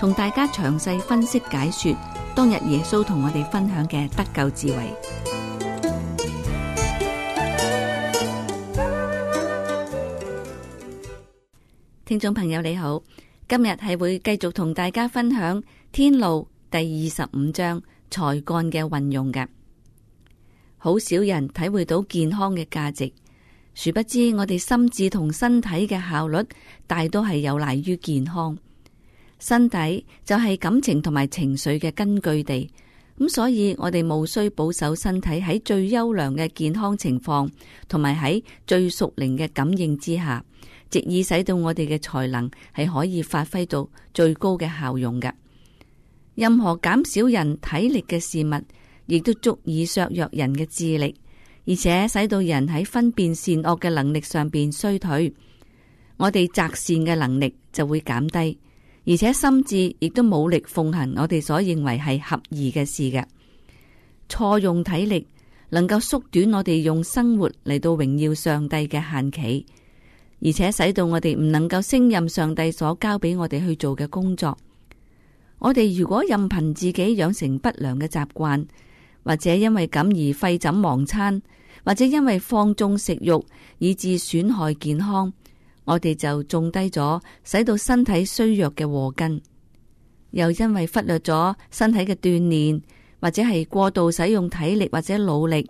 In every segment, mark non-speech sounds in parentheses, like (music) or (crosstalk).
同大家詳細分析解說當日耶穌同我哋分享嘅得救智慧。聽眾朋友你好，今日係會繼續同大家分享《天路》第二十五章才幹嘅運用嘅。好少人體會到健康嘅價值，殊不知我哋心智同身體嘅效率，大多係有賴於健康。身體就係感情同埋情緒嘅根據地，咁所以我哋務需保守身體喺最優良嘅健康情況，同埋喺最熟靈嘅感應之下，直以使到我哋嘅才能係可以發揮到最高嘅效用嘅。任何減少人體力嘅事物，亦都足以削弱人嘅智力，而且使到人喺分辨善惡嘅能力上邊衰退，我哋擇善嘅能力就會減低。而且心智亦都冇力奉行我哋所認為係合意嘅事嘅，錯用體力能夠縮短我哋用生活嚟到榮耀上帝嘅限期，而且使到我哋唔能夠升任上帝所交俾我哋去做嘅工作。我哋如果任憑自己養成不良嘅習慣，或者因為咁而廢寢忘餐，或者因為放縱食欲以致損害健康。我哋就種低咗，使到身體衰弱嘅禍根，又因為忽略咗身體嘅鍛煉，或者係過度使用體力或者腦力，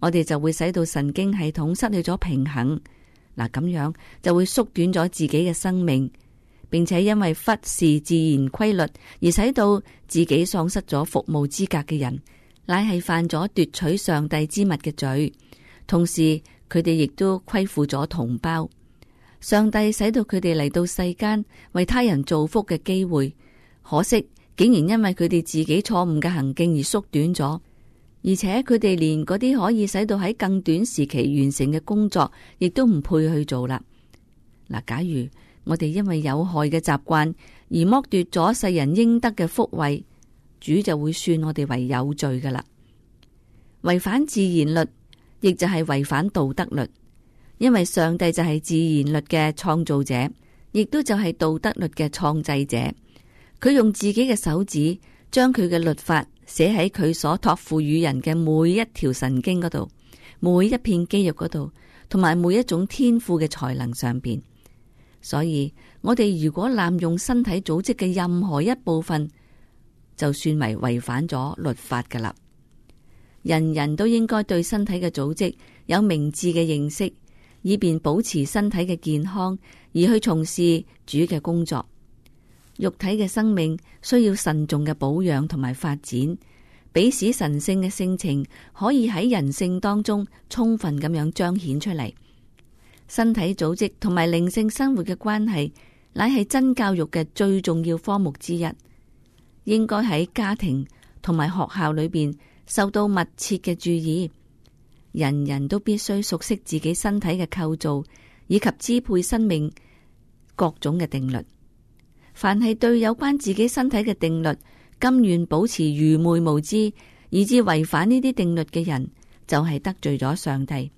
我哋就會使到神經系統失去咗平衡。嗱，咁樣就會縮短咗自己嘅生命，並且因為忽視自然規律而使到自己喪失咗服務資格嘅人，乃係犯咗奪取上帝之物嘅罪，同時佢哋亦都虧負咗同胞。上帝使到佢哋嚟到世間為他人造福嘅機會，可惜竟然因為佢哋自己錯誤嘅行徑而縮短咗，而且佢哋連嗰啲可以使到喺更短時期完成嘅工作，亦都唔配去做啦。嗱，假如我哋因為有害嘅習慣而剝奪咗世人應得嘅福惠，主就會算我哋為有罪噶啦。違反自然律，亦就係違反道德律。因為上帝就係自然律嘅創造者，亦都就係道德律嘅創制者。佢用自己嘅手指，將佢嘅律法寫喺佢所託付與人嘅每一條神經嗰度，每一片肌肉嗰度，同埋每一種天賦嘅才能上邊。所以我哋如果濫用身體組織嘅任何一部分，就算為違反咗律法噶啦。人人都應該對身體嘅組織有明智嘅認識。以便保持身體嘅健康，而去從事主嘅工作。肉體嘅生命需要慎重嘅保養同埋發展，俾使神聖嘅性情可以喺人性當中充分咁樣彰顯出嚟。身體組織同埋靈性生活嘅關係，乃係真教育嘅最重要科目之一，應該喺家庭同埋學校裏邊受到密切嘅注意。人人都必須熟悉自己身體嘅構造，以及支配生命各種嘅定律。凡係對有關自己身體嘅定律，甘願保持愚昧無知，以致違反呢啲定律嘅人，就係得罪咗上帝。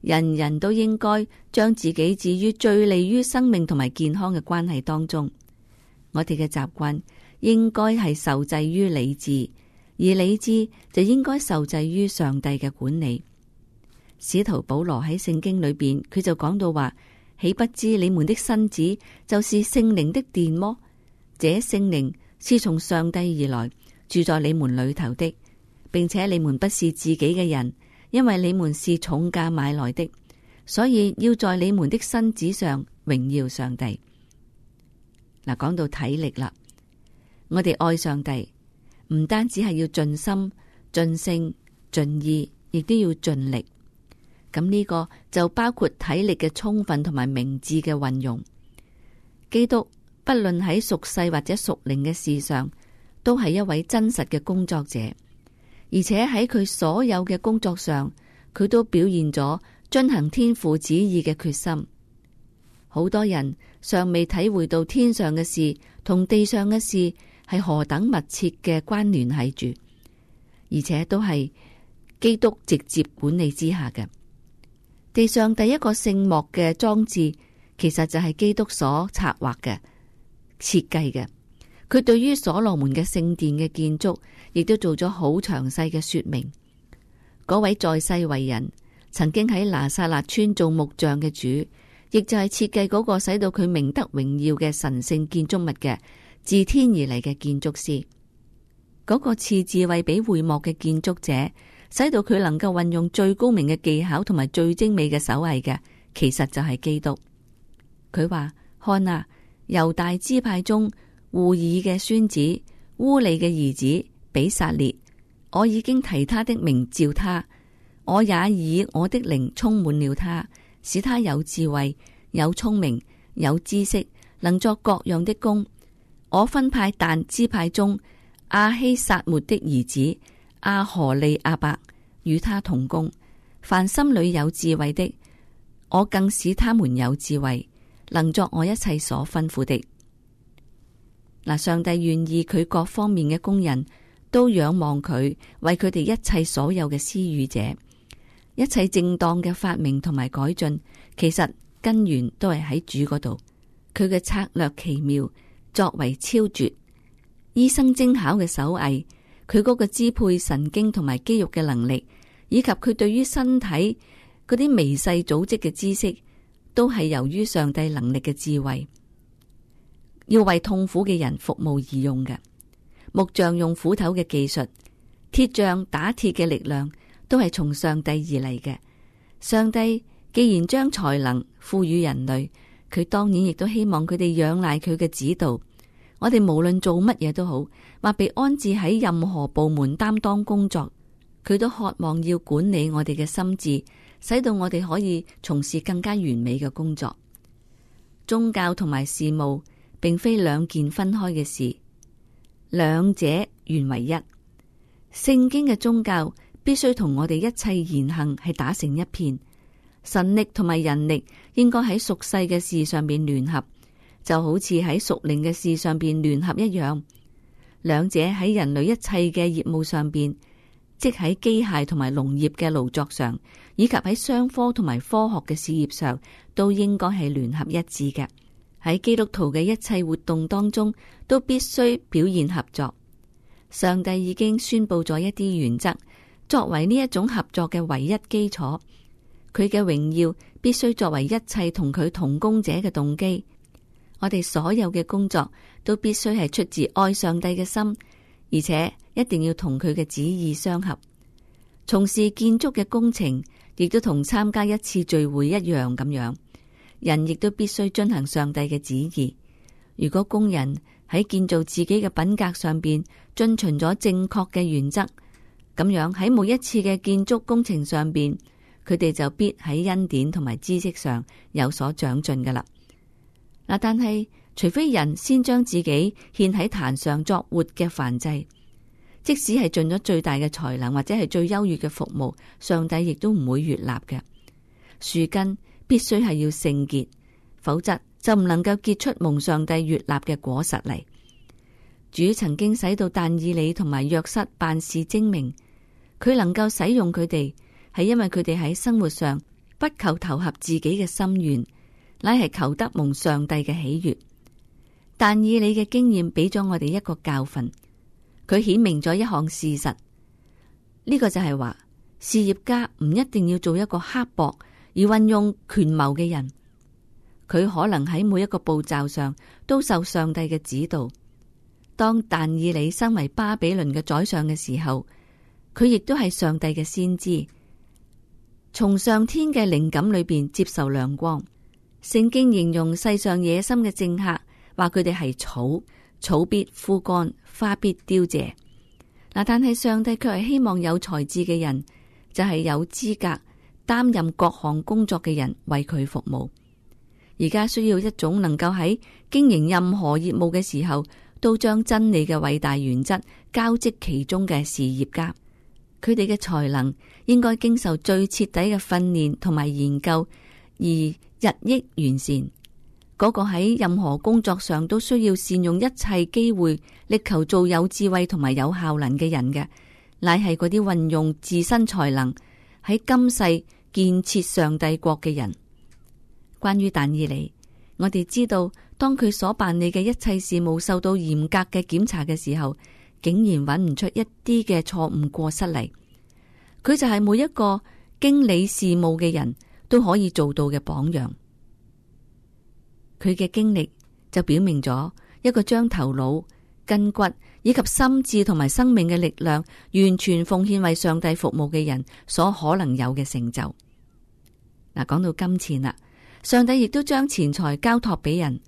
人人都應該將自己置於最利於生命同埋健康嘅關係當中。我哋嘅習慣應該係受制於理智，而理智就應該受制於上帝嘅管理。使徒保羅喺聖經裏邊，佢就講到話：豈不知你們的身子就是聖靈的殿麼？這聖靈是從上帝而來，住在你們裏頭的，並且你們不是自己嘅人，因為你們是重價買來的，所以要在你們的身子上榮耀上帝。嗱，講到體力啦，我哋愛上帝，唔單止係要盡心、盡性、盡意，亦都要盡力。咁呢個就包括體力嘅充分，同埋明智嘅運用。基督不論喺屬世或者屬靈嘅事上，都係一位真實嘅工作者，而且喺佢所有嘅工作上，佢都表現咗遵行天父旨意嘅決心。好多人尚未體會到天上嘅事同地上嘅事係何等密切嘅關聯繫住，而且都係基督直接管理之下嘅。地上第一個聖幕嘅裝置，其實就係基督所策劃嘅設計嘅。佢對於所羅門嘅聖殿嘅建築，亦都做咗好詳細嘅說明。嗰位在世為人，曾經喺拿撒勒村做木匠嘅主，亦就係設計嗰個使到佢明德榮耀嘅神聖建築物嘅，自天而嚟嘅建築師。嗰、那個賜智慧俾會幕嘅建築者。使到佢能夠運用最高明嘅技巧同埋最精美嘅手藝嘅，其實就係基督。佢話：看啊，猶大支派中戶珥嘅孫子烏利嘅兒子比撒列，我已經提他的名召他，我也以我的靈充滿了他，使他有智慧、有聰明、有知識，能作各樣嘅工。我分派但支派中阿希撒末的兒子。阿荷利阿伯與他同工，凡心裏有智慧的，我更使他們有智慧，能作我一切所吩咐的。嗱，上帝願意佢各方面嘅工人都仰望佢，為佢哋一切所有嘅施予者，一切正當嘅發明同埋改進，其實根源都係喺主嗰度。佢嘅策略奇妙，作為超絕，醫生精巧嘅手藝。佢嗰個支配神經同埋肌肉嘅能力，以及佢對於身體嗰啲微細組織嘅知識，都係由於上帝能力嘅智慧，要為痛苦嘅人服務而用嘅。木匠用斧頭嘅技術，鐵匠打鐵嘅力量，都係從上帝而嚟嘅。上帝既然將才能賦予人類，佢當然亦都希望佢哋仰賴佢嘅指導。我哋無論做乜嘢都好，或被安置喺任何部門擔當工作，佢都渴望要管理我哋嘅心智，使到我哋可以從事更加完美嘅工作。宗教同埋事務並非兩件分開嘅事，兩者原為一。聖經嘅宗教必須同我哋一切言行係打成一片，神力同埋人力應該喺屬世嘅事上面聯合。就好似喺屬靈嘅事上邊聯合一樣，兩者喺人類一切嘅業務上邊，即喺機械同埋農業嘅勞作上，以及喺商科同埋科學嘅事業上，都應該係聯合一致嘅。喺基督徒嘅一切活動當中，都必須表現合作。上帝已經宣布咗一啲原則，作為呢一種合作嘅唯一基礎，佢嘅榮耀必須作為一切同佢同工者嘅動機。我哋所有嘅工作都必須係出自愛上帝嘅心，而且一定要同佢嘅旨意相合。從事建築嘅工程，亦都同參加一次聚會一樣。咁樣，人亦都必須遵行上帝嘅旨意。如果工人喺建造自己嘅品格上邊遵循咗正確嘅原則，咁樣喺每一次嘅建築工程上邊，佢哋就必喺恩典同埋知識上有所長進噶啦。嗱，但係除非人先將自己獻喺壇上作活嘅燔祭，即使係盡咗最大嘅才能或者係最優越嘅服務，上帝亦都唔會悅納嘅。樹根必須係要聖潔，否則就唔能夠結出蒙上帝悅納嘅果實嚟。主曾經使到但以理同埋約瑟辦事精明，佢能夠使用佢哋，係因為佢哋喺生活上不求投合自己嘅心願，.乃係求得蒙上帝嘅喜悅。但以理嘅經驗俾咗我哋一個教訓，佢顯明咗一項事實。呢個就係話，事業家唔一定要做一個刻薄而運用權謀嘅人，佢可能喺每一個步驟上都受上帝嘅指導。當但以理身為巴比倫嘅宰相嘅時候，佢亦都係上帝嘅先知，從上天嘅靈感裏邊接受亮光。聖經形容世上野心嘅政客，話佢哋係草，草必枯乾，花必凋謝。嗱，但係上帝卻係希望有才智嘅人，就係、是、有資格擔任各項工作嘅人為佢服務。而家需要一種能夠喺經營任何業務嘅時候，都將真理嘅偉大原則交織其中嘅事業家。佢哋嘅才能應該經受最徹底嘅訓練同埋研究。而日益完善，嗰個喺任何工作上都需要善用一切機會，力求做有智慧同埋有效能嘅人嘅，乃係嗰啲運用自身才能喺今世建設上帝國嘅人。關於但以理，我哋知道，當佢所辦理嘅一切事務受到嚴格嘅檢查嘅時候，竟然揾唔出一啲嘅錯誤過失嚟。佢就係每一個經理事務嘅人，都可以做到嘅榜樣，佢嘅經歷就表明咗一個將頭腦、筋骨以及心智同埋生命嘅力量完全奉獻為上帝服務嘅人所可能有嘅成就。嗱，講到金錢啊，上帝亦都將錢財交託俾人，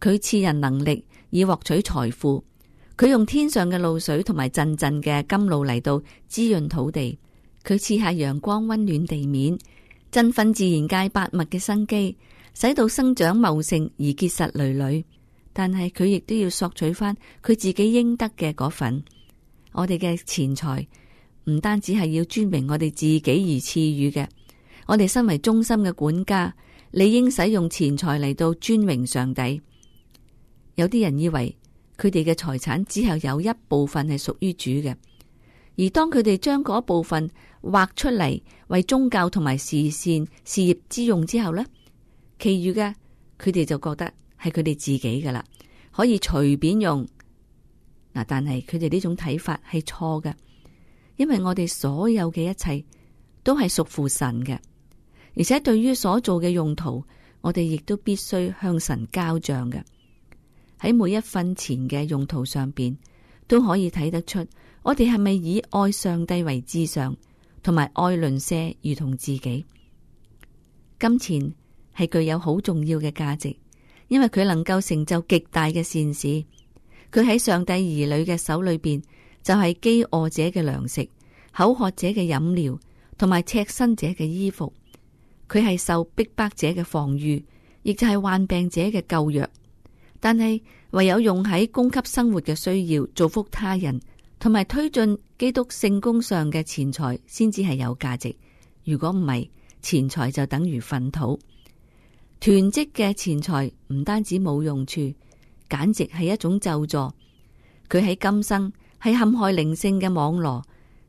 佢賜人能力以獲取財富，佢用天上嘅露水同埋陣陣嘅甘露嚟到滋潤土地，佢賜下陽光溫暖地面，振奮自然界百物嘅生機，使到生長茂盛而結實累累。但係佢亦都要索取翻佢自己應得嘅嗰份。我哋嘅錢財唔單止係要尊榮我哋自己而賜予嘅，我哋身為忠心嘅管家，理應使用錢財嚟到尊榮上帝。有啲人以為佢哋嘅財產只係有，有一部分係屬於主嘅，而當佢哋將嗰部分。畫出嚟，為宗教同埋慈善事業之用之後呢，其餘嘅佢哋就覺得係佢哋自己㗎啦，可以隨便用嗱。但係佢哋呢種睇法係錯嘅，因為我哋所有嘅一切都係屬乎神嘅，而且對於所做嘅用途，我哋亦都必須向神交賬嘅。喺每一分錢嘅用途上邊，都可以睇得出我哋係咪以愛上帝為至上，同埋愛鄰舍如同自己，金錢係具有好重要嘅價值，因為佢能夠成就極大嘅善事。佢喺上帝兒女嘅手裏邊，就係飢餓者嘅糧食、口渴者嘅飲料、同埋赤身者嘅衣服。佢係受逼迫者嘅防禦，亦就係患病者嘅救藥。但係唯有用喺供給生活嘅需要，造福他人。同埋推進基督聖工上嘅錢財，先至係有價值。如果唔係，錢財就等於糞土。囤積嘅錢財唔單止冇用處，簡直係一種咒助。佢喺今生係陷害靈性嘅網羅，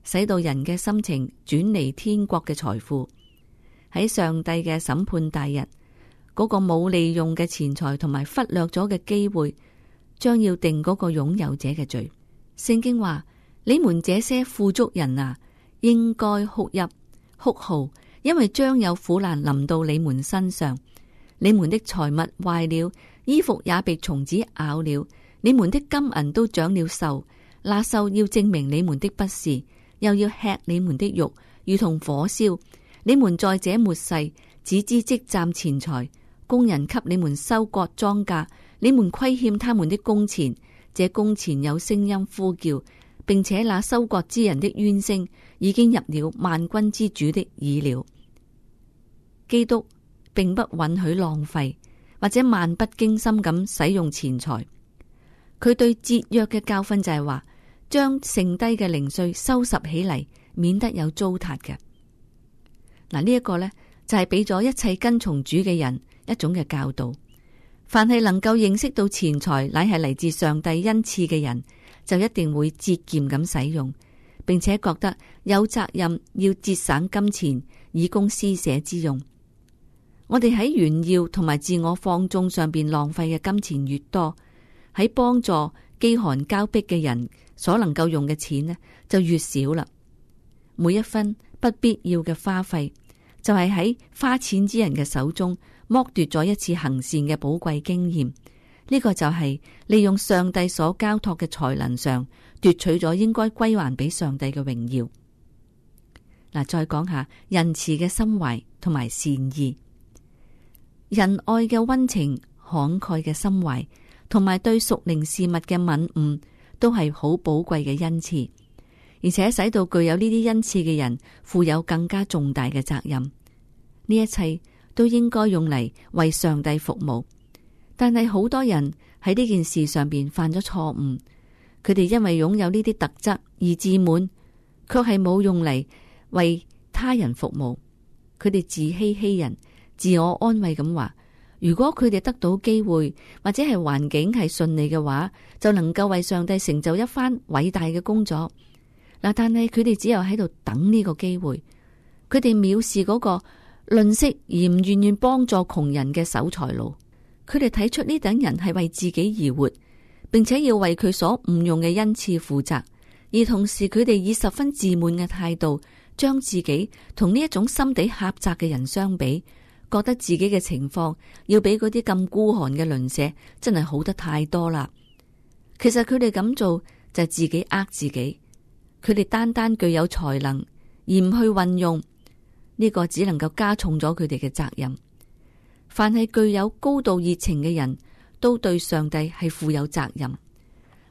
使到人嘅心情轉離天國嘅財富。喺上帝嘅審判大日，嗰個冇利用嘅錢財同埋忽略咗嘅機會，將要定嗰個擁有者嘅罪。聖經話：你們這些富足人啊，應該哭泣、哭號，因為將有苦難臨到你們身上。你們的財物壞了，衣服也被蟲子咬了，你們的金銀都長了鏽，那鏽要證明你們的不是，又要吃你們的肉，如同火燒。你們在這末世只知積攢錢財，工人給你們收割莊稼，你們虧欠他們的工錢。這工錢有聲音呼叫，並且那收割之人的怨聲已經入了萬軍之主的耳了。基督並不允許浪費或者漫不經心咁使用錢財，佢對節約嘅教訓就係話，將剩低嘅零碎收拾起嚟，免得有糟蹋嘅。嗱呢一個呢，就係俾咗一切跟從主嘅人一種嘅教導。凡係能夠認識到錢財乃係嚟自上帝恩賜嘅人，就一定會節儉咁使用，並且覺得有責任要節省金錢以供施捨之用。我哋喺炫耀同埋自我放縱上邊浪費嘅金錢越多，喺幫助飢寒交迫嘅人所能夠用嘅錢呢就越少啦。每一分不必要嘅花費，就係喺花錢之人嘅手中。剝奪咗一次行善嘅寶貴經驗，呢個就係利用上帝所交託嘅才能上奪取咗應該歸還俾上帝嘅榮耀。嗱，再講下仁慈嘅心懷同埋善意，仁愛嘅温情、慷慨嘅心懷同埋對屬靈事物嘅敏悟，都係好寶貴嘅恩賜，而且使到具有呢啲恩賜嘅人負有更加重大嘅責任。呢一切，都應該用嚟為上帝服務，但係好多人喺呢件事上邊犯咗錯誤。佢哋因為擁有呢啲特質而自滿，卻係冇用嚟為他人服務。佢哋自欺欺人，自我安慰咁話：如果佢哋得到機會或者係環境係順利嘅話，就能夠為上帝成就一番偉大嘅工作。嗱，但係佢哋只有喺度等呢個機會，佢哋藐視嗰個。吝嗇而唔願意幫助窮人嘅守財奴。佢哋睇出呢等人係為自己而活，並且要為佢所誤用嘅恩賜負責，而同時佢哋以十分自滿嘅態度，將自己同呢一種心地狹窄嘅人相比，覺得自己嘅情況要比嗰啲咁孤寒嘅鄰舍真係好得太多啦。其實佢哋咁做就係自己呃自己，佢哋單單具有才能而唔去運用。呢個只能夠加重咗佢哋嘅責任。凡係具有高度熱情嘅人都對上帝係負有責任，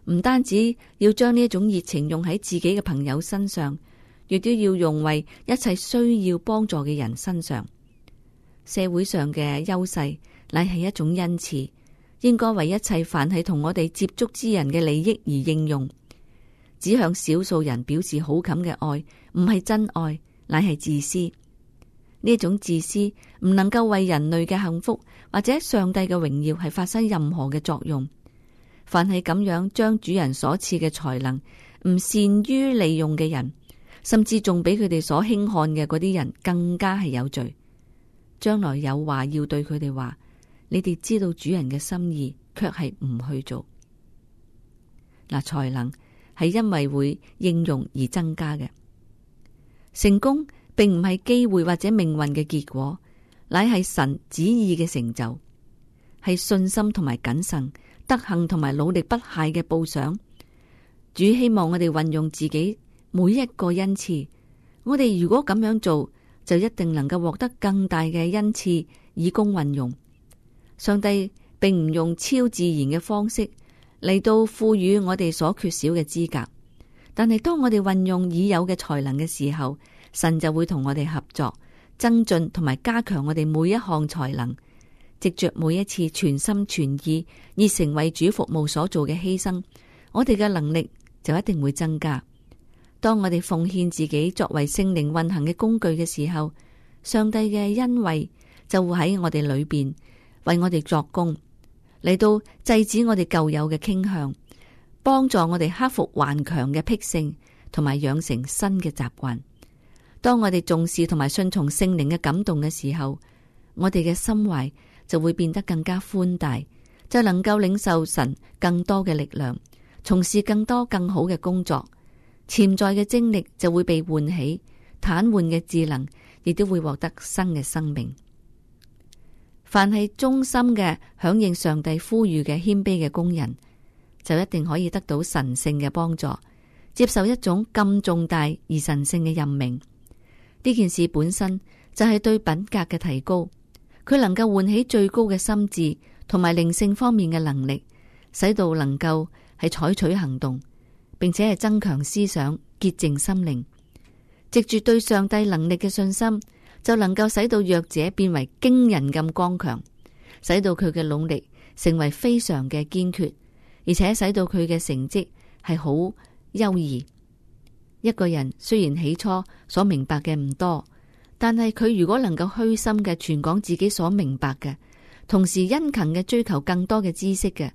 唔單止要將呢一種熱情用喺自己嘅朋友身上，亦都要用為一切需要幫助嘅人身上。社會上嘅優勢乃係一種恩賜，應該為一切凡係同我哋接觸之人嘅利益而應用。只向少數人表示好感嘅愛，唔係真愛，乃係自私。呢一種自私唔能夠為人類嘅幸福或者上帝嘅榮耀係發生任何嘅作用。凡係咁樣將主人所賜嘅才能唔善於利用嘅人，甚至仲比佢哋所輕看嘅嗰啲人更加係有罪。將來有話要對佢哋話：「你哋知道主人嘅心意，却係唔去做。」嗱，才能係因為會應用而增加嘅成功。並唔係機會或者命運嘅結果，乃係神旨意嘅成就，係信心同埋謹慎、德行同埋努力不懈嘅報賞。主希望我哋運用自己每一個恩賜。我哋如果咁樣做，就一定能夠獲得更大嘅恩賜以供運用。上帝並唔用超自然嘅方式嚟到賦予我哋所缺少嘅資格，但係當我哋運用已有嘅才能嘅時候。神就會同我哋合作，增進同埋加強我哋每一項才能。藉着每一次全心全意以成為主服務所做嘅犧牲，我哋嘅能力就一定會增加。當我哋奉獻自己作為聖靈運行嘅工具嘅時候，上帝嘅恩惠就會喺我哋裏邊為我哋作功，嚟到制止我哋舊有嘅傾向，幫助我哋克服頑強嘅癖性，同埋養成新嘅習慣。當我哋重視同埋順從聖靈嘅感動嘅時候，我哋嘅心懷就會變得更加寬大，就能夠領受神更多嘅力量，從事更多更好嘅工作。潛在嘅精力就會被喚起，癱瘓嘅智能亦都會獲得新嘅生命。凡係忠心嘅響應上帝呼籲嘅謙卑嘅工人，就一定可以得到神聖嘅幫助，接受一種咁重大而神聖嘅任命。呢件事本身就係對品格嘅提高，佢能夠喚起最高嘅心智同埋靈性方面嘅能力，使到能夠係採取行動，並且係增強思想潔淨心靈，藉住對上帝能力嘅信心，就能夠使到弱者變為驚人咁剛強，使到佢嘅努力成為非常嘅堅決，而且使到佢嘅成績係好優異。一個人雖然起初所明白嘅唔多，但係佢如果能夠虛心嘅傳講自己所明白嘅，同時殷勤嘅追求更多嘅知識嘅，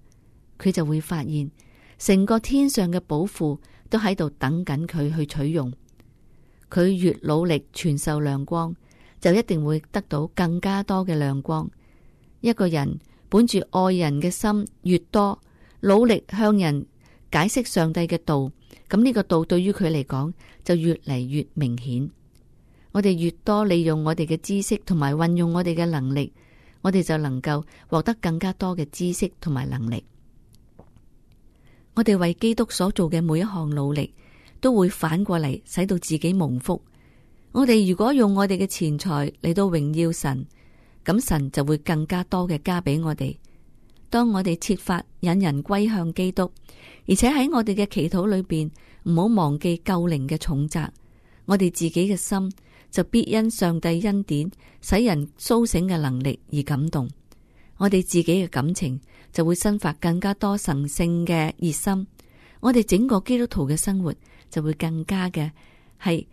佢就會發現成個天上嘅寶庫都喺度等緊佢去取用。佢越努力傳授亮光，就一定會得到更加多嘅亮光。一個人本住愛人嘅心越多，努力向人。解釋上帝嘅道，咁、這、呢個道對於佢嚟講就越嚟越明顯。我哋越多利用我哋嘅知識同埋運用我哋嘅能力，我哋就能夠獲得更加多嘅知識同埋能力。我哋為基督所做嘅每一項努力，都會反過嚟使到自己蒙福。我哋如果用我哋嘅錢財嚟到榮耀神，咁神就會更加多嘅加俾我哋。當我哋設法引人歸向基督，而且喺我哋嘅祈禱裏邊唔好忘記救靈嘅重責，我哋自己嘅心就必因上帝恩典使人蘇醒嘅能力而感動，我哋自己嘅感情就會生發更加多神聖嘅熱心，我哋整個基督徒嘅生活就會更加嘅係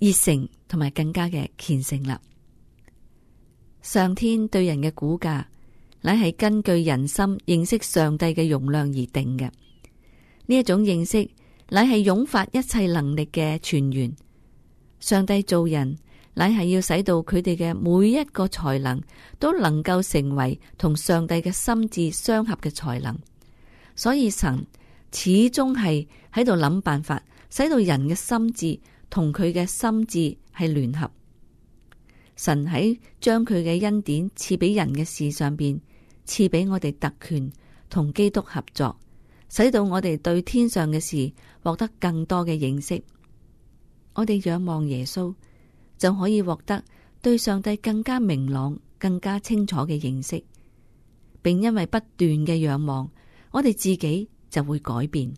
熱誠同埋更加嘅虔誠啦。上天對人嘅估價乃係根據人心認識上帝嘅容量而定嘅。呢一種認識，乃係湧發一切能力嘅泉源。上帝造人，乃係要使到佢哋嘅每一個才能都能夠成為同上帝嘅心智相合嘅才能。所以神始終係喺度諗辦法，使到人嘅心智同佢嘅心智係聯合。神喺將佢嘅恩典賜俾人嘅事上邊，賜俾我哋特權同基督合作，使到我哋對天上嘅事獲得更多嘅認識。我哋仰望耶穌，就可以獲得對上帝更加明朗、更加清楚嘅認識，並因為不斷嘅仰望，我哋自己就會改變。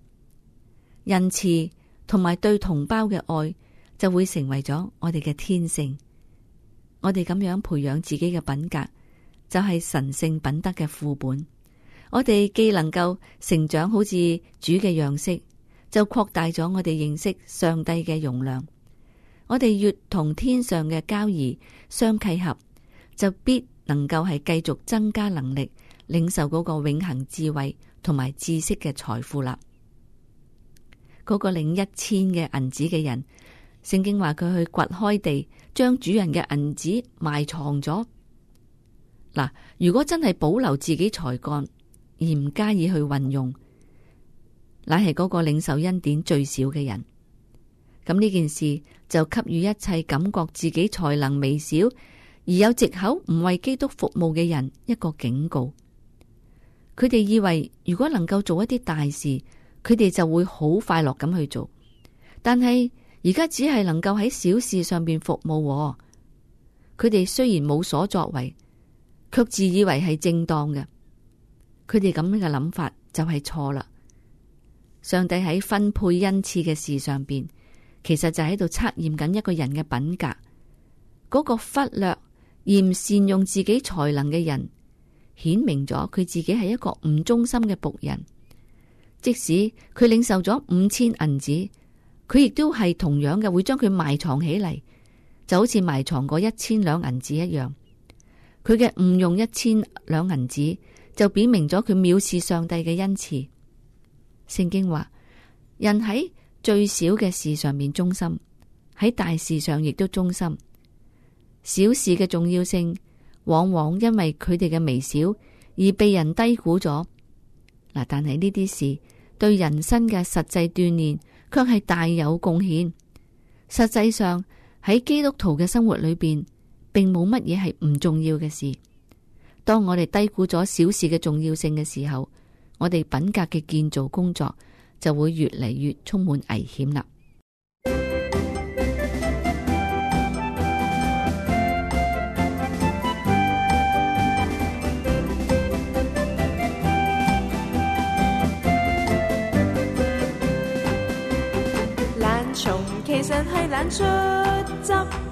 仁慈同埋對同胞嘅愛就會成為咗我哋嘅天性。我哋咁樣培養自己嘅品格。就係神聖品德嘅副本，我哋既能夠成長好似主嘅樣式，就擴大咗我哋認識上帝嘅容量。我哋越同天上嘅交易相契合，就必能夠係繼續增加能力，領受嗰個永恆智慧同埋知識嘅財富啦。嗰個領一千嘅銀子嘅人，聖經話佢去掘開地，將主人嘅銀子埋藏咗。嗱，如果真係保留自己才幹而唔加以去運用，乃係嗰個領受恩典最少嘅人。咁呢件事就給予一切感覺自己才能微小而有借口唔為基督服務嘅人一個警告。佢哋以為如果能夠做一啲大事，佢哋就會好快樂咁去做。但係而家只係能夠喺小事上邊服務，佢哋雖然冇所作為。卻自以為係正當嘅，佢哋咁樣嘅諗法就係錯啦。上帝喺分配恩賜嘅事上邊，其實就喺度測驗緊一個人嘅品格。嗰個忽略而唔善用自己才能嘅人，顯明咗佢自己係一個唔忠心嘅僕人。即使佢領受咗五千銀子，佢亦都係同樣嘅會將佢埋藏起嚟，就好似埋藏過一千兩銀子一樣。佢嘅誤用一千兩銀子，就表明咗佢藐視上帝嘅恩賜。聖經話：人喺最少嘅事上面忠心，喺大事上亦都忠心。小事嘅重要性，往往因為佢哋嘅微小而被人低估咗。嗱，但係呢啲事對人生嘅實際鍛鍊，却係大有貢獻。實際上喺基督徒嘅生活裏邊。並冇乜嘢係唔重要嘅事。當我哋低估咗小事嘅重要性嘅時候，我哋品格嘅建造工作就會越嚟越充滿危險啦。懶蟲 (music) 其實係懶出汁。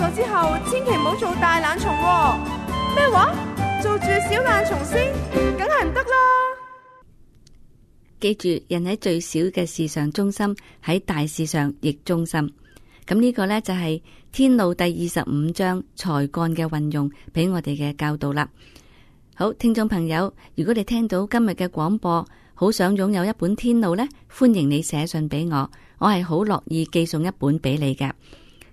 咗之後，千祈唔好做大懶蟲喎。咩話？做住小懶蟲先，梗係唔得啦。記住，人喺最小嘅事上忠心，喺大事上亦忠心。咁、這、呢個呢，就係《天路》第二十五章才幹嘅運用，俾我哋嘅教導啦。好，聽眾朋友，如果你聽到今日嘅廣播，好想擁有一本《天路》呢，歡迎你寫信俾我，我係好樂意寄送一本俾你嘅。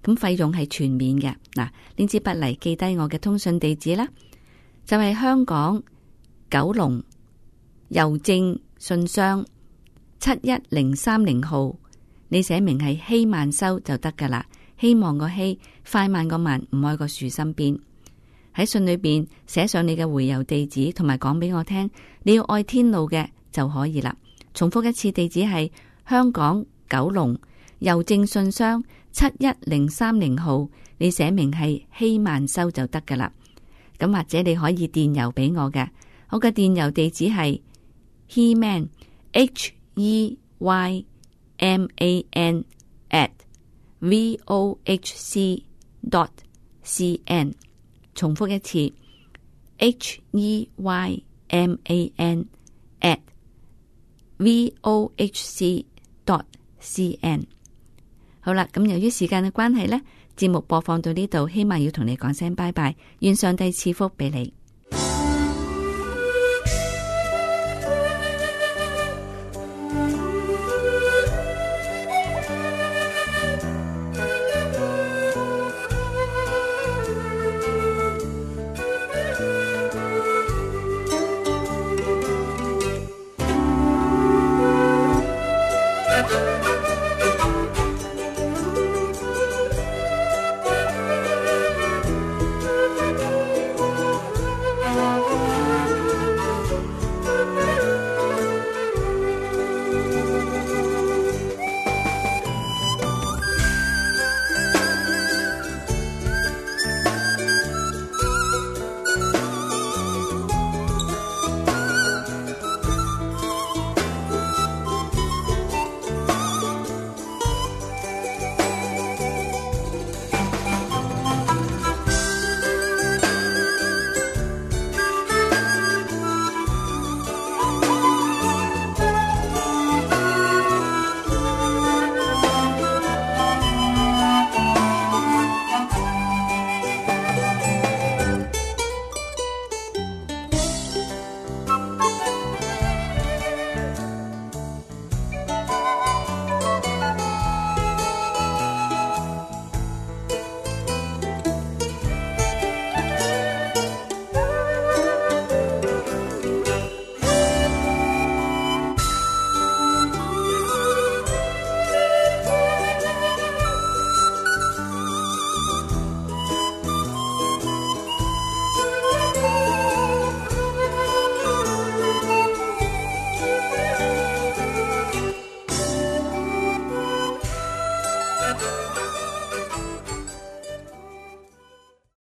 咁費用係全免嘅。嗱，呢支筆嚟，記低我嘅通訊地址啦，就係香港九龍郵政信箱七一零三零號。你寫明係希曼收就得噶啦。希望個希快慢個慢，唔愛個樹身邊，喺信裏邊寫上你嘅回郵地址，同埋講俾我聽你要愛天路嘅就可以啦。重複一次地址係香港九龍郵政信箱，七一零三零號你寫明係希曼修就得㗎喇咁或者你可以電郵俾我嘅我嘅電郵地址係希曼 hey man at v o h c dot cn 重複一次 hey man at v o h c dot cn 好啦，咁、嗯、由於時間嘅關係呢，節目播放到呢度，希望要同你講聲拜拜，願上帝賜福俾你。